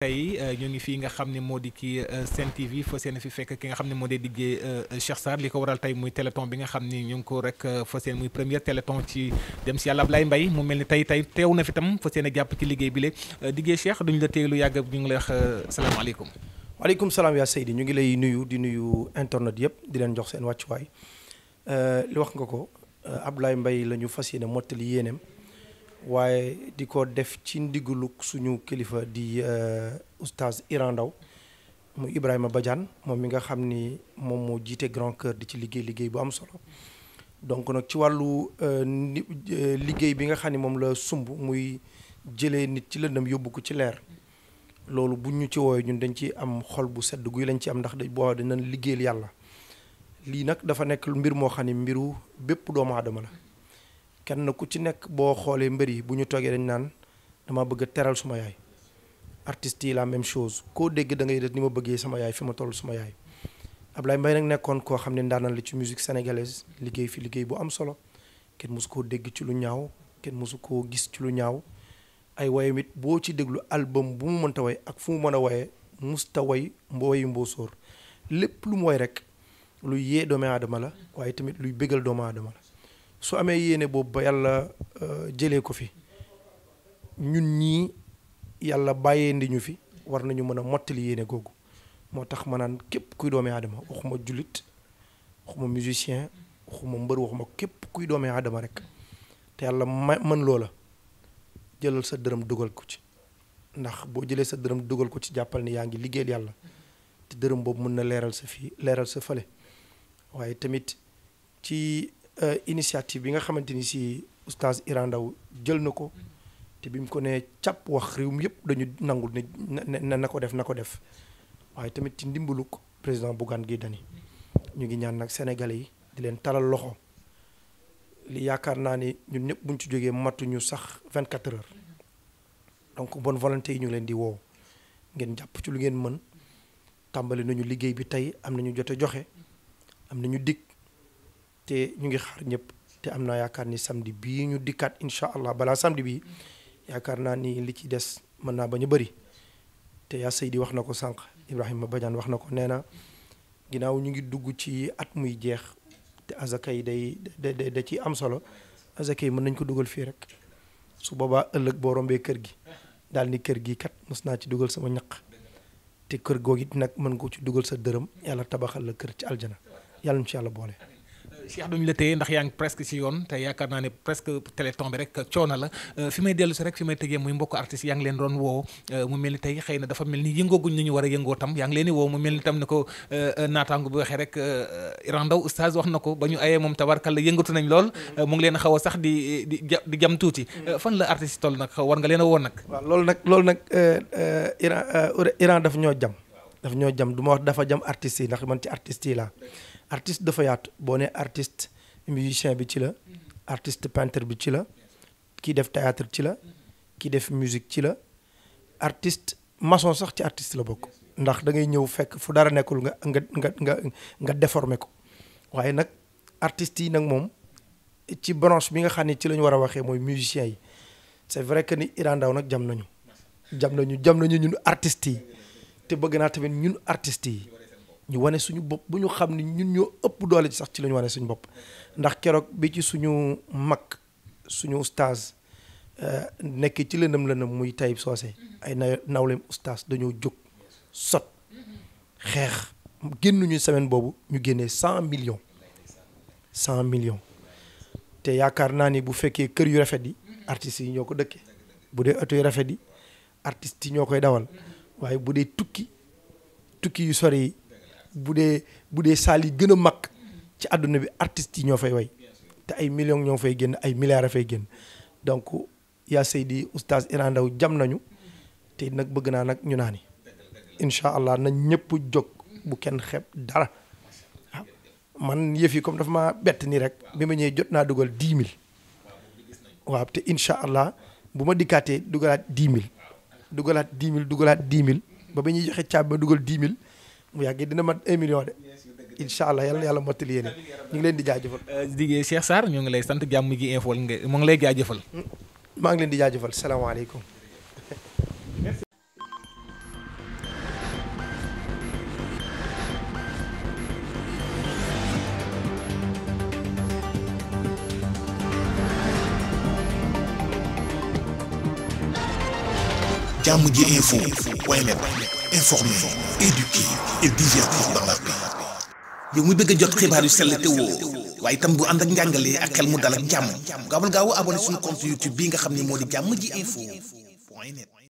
tey euh, ñoo ngi fii nga xam ni moo di kii euh, Sen TV fa seen fi fekk ki nga xam ne moo di diggee euh, Cheikh Sarr li ko waral tey muy téléthon bi nga xam ni ñu ngi ko rek fa seen muy première téléton ci dem si yàlla lay Mbaye mu mel ni tey tey teew na fi tam fa seen a jàpp ci liggéey bi la diggee Cheikh duñu la téye lu yàgg ñu ngi lay wax salaamaaleykum. waaleykum salaam yaa Seydi ñu ngi lay nuyu di nuyu internet yëpp di leen jox seen wàccuwaay li wax nga ko Ablaye Mbaye la ñu fas yéene mottali yéeneem waaye di ko def ci ndigalu suñu kilifa di euh, oustaz Iran Ndaw mu Ibrahima Badiane moom mi nga xam ni moom moo jiite Grand Cœur di ci liggéey liggéey bu am solo donc nag ci wàllu euh, euh, liggéey bi nga xam ni moom la sumb muy jëlee nit ci lëndëm yóbbu ko ci leer loolu bu ñu ci woowee ñun dañ ci am xol bu sedd guy lañ ci am ndax dañ boo dañ liggéeyal yàlla lii nag dafa nekk mbir moo xam ni mbiru bépp doomu aadama la. kenn ku ci nekk boo xoolee mbër yi bu ñu toogee dañ naan dama bëgg teral suma yaay artistes yi la même chose koo dégg da ngay ni ma bëggee sama yaay fi ma toll suma yaay Ablaye Mbaye nag nekkoon koo xam ne ndaanaan la ci musique sénégalaise liggéey fi liggéey bu am solo kenn mosu koo dégg ci lu ñaaw kenn mosu koo gis ci lu ñaaw ay wayam it boo ci déglu album bu mu mënta woy ak fu mu mën a wayee musta way mbooyu mboosóor lépp lu mu woy rek luy yee doomu aadama la waaye tamit luy bégal doomu aadama su amee yéene boobu ba yàlla euh, jëlee ko fi ñun ñii yàlla bàyyee ndi ñu fi war nañu mën a mottali yéene googu moo tax ma naan képp kuy doomee aadama waxuma jullit waxuma musicien waxuma mbër waxuma képp kuy doomee aadama rek te yàlla ma mën loola jëlal sa dërëm dugal ko ci ndax boo jëlee sa dërëm dugal ko ci jàppal ni yaa ngi liggéeyal yàlla te dërëm boobu mën na leeral sa fii leeral sa fële waaye tamit ci Euh, initiative bi nga xamante ni si oustaz Iran Ndao jël na ko te bi mu ko nee càpp wax réew mi yëpp dañu nangu ne na na ko def na ko def waaye tamit ci ndimbalug président Bougane Gueye Dany ñu ngi ñaan nag sénégalais yi di leen talal loxo li yaakaar naa ni ñun ñëpp buñ ci jógee matuñu sax 24 heures donc bon volonté yi ñu leen di woow ngeen jàpp ci lu ngeen mën tàmbali nañu liggéey bi tey am nañu jote joxe am nañu dig te ñu ngi xaar ñëpp te am naa yaakaar ni samedi bii ñu dikkaat incha allah balaa samdi bi yaakaar naa ni li ci des mën naa ba ñu bari te yaa Seydi wax na ko sànq Ibrahima Badiane wax na ko nee na ginnaaw ñu ngi dugg ci at muy jeex te azaka yi day da da ciy am solo azaka yi mën nañ ko dugal fii rek su boobaa ëllëg boo rombee kër gi daal ni kër gi kat mos naa ci dugal sama ñaq te kër googi it mën ko ci dugal sa dërëm yàlla tabaxal la kër ci aljana yàlla ñu ci boole. Cheikh duñ la teye ndax yaa ngi presque ci yoon te yaakaar naa ne presque téléthon bi rek coono la euh, fi may dellu si rek fi may tëjee muy mbokk artistes yaa ngi leen doon woo euh, mel ni tey xëy na dafa mel ni yëngooguñ ni ñu war a yëngoo tam yaa ngi leen di woo mu mel tam ni ko euh, naataango bi waxee rek Iran Ndaw oustaz na ko ba ñu ayee moom tabarkal la yëngatu nañ lool mm-hmm. mu ngi leen xaw a sax di di di jam tuuti mm-hmm. fan la artistes toll nag war nga leen woo nag loolu nag loolu nag Iran Iran daf ñoo jam daf ñoo jam du ma dafa jam artistes yi man ci artistes yi laa artiste dafa yaatu boo ne artiste musicien bi ci la mm-hmm. artiste peintre bi ci la kii def théâtre ci la mm-hmm. kii def musique ci la artiste maçon sax ci artiste la bokk ndax da ngay ñëw fekk fu dara nekkul nga nga nga nga nga déformer ko waaye nag artistes yi nag moom ci branche bi nga xam ne ci la ñu war a waxee mooy musiciens yi c'est vrai que ni Iran Ndao nag jam nañu jam nañu jam nañu ñun artistes yi te bëgg naa tamit ñun artistes yi ñu wane suñu bopp bu ñu xam ne ñun ñoo ëpp doole ci sax ci la wane suñu bopp ndax keroog bi ci suñu mag suñu oustaz euh, nekk ci lëndëm lëndëm muy Tayib soose ay nawleem oustaz dañoo jóg sot xeex génnuñu semaine boobu ñu génnee cent millions cent millions te yaakaar naa ni bu fekkee kër yu rafet yi artistes yi ñoo ko dëkkee bu dee oto yu rafet yi artistes yi ñoo koy dawal waaye bu dee tukki tukki yu sori yi bu dee bu dee saal yi gën a mag ci àdduna bi artistes yi ñoo fay way te ay millions ñoo fay génn ay milliards a fay génn donc yaa Seydi oustaz Iran Ndaw jam nañu te nag bëgg naa nag ñu naani incha allah nañ ñëpp jóg bu kenn xeeb dara ah, man yëf yi comme dafa ma bett nii rek bi ma ñëwee jot naa dugal dix mille waaw te incha allah bu ma dikkaatee dugalaat dix mille dugalaat dix mille dugalaat dix mille ba ba ñuy joxe caabi ma dugal dix mille mu yàggee dina mat un million de incha allah yàlla mottali yéene ñu ngi leen di jaajëfal. Euh, digee Cheikh Sarr ñoo ngi lay sant jàmm gi info nga mu ngi lay jaajëfal. maa ngi di jaajëfal salaamaaleykum. jàmm info waaye nag et yow mu bëgg a jot xibaar yu sell te woo waaye itam bu ànd ak njàngalee ak xel mu dal ak jàmm gaawal gaaw abonné suñu compte YouTube bi nga xam ne moo di jàmm ji info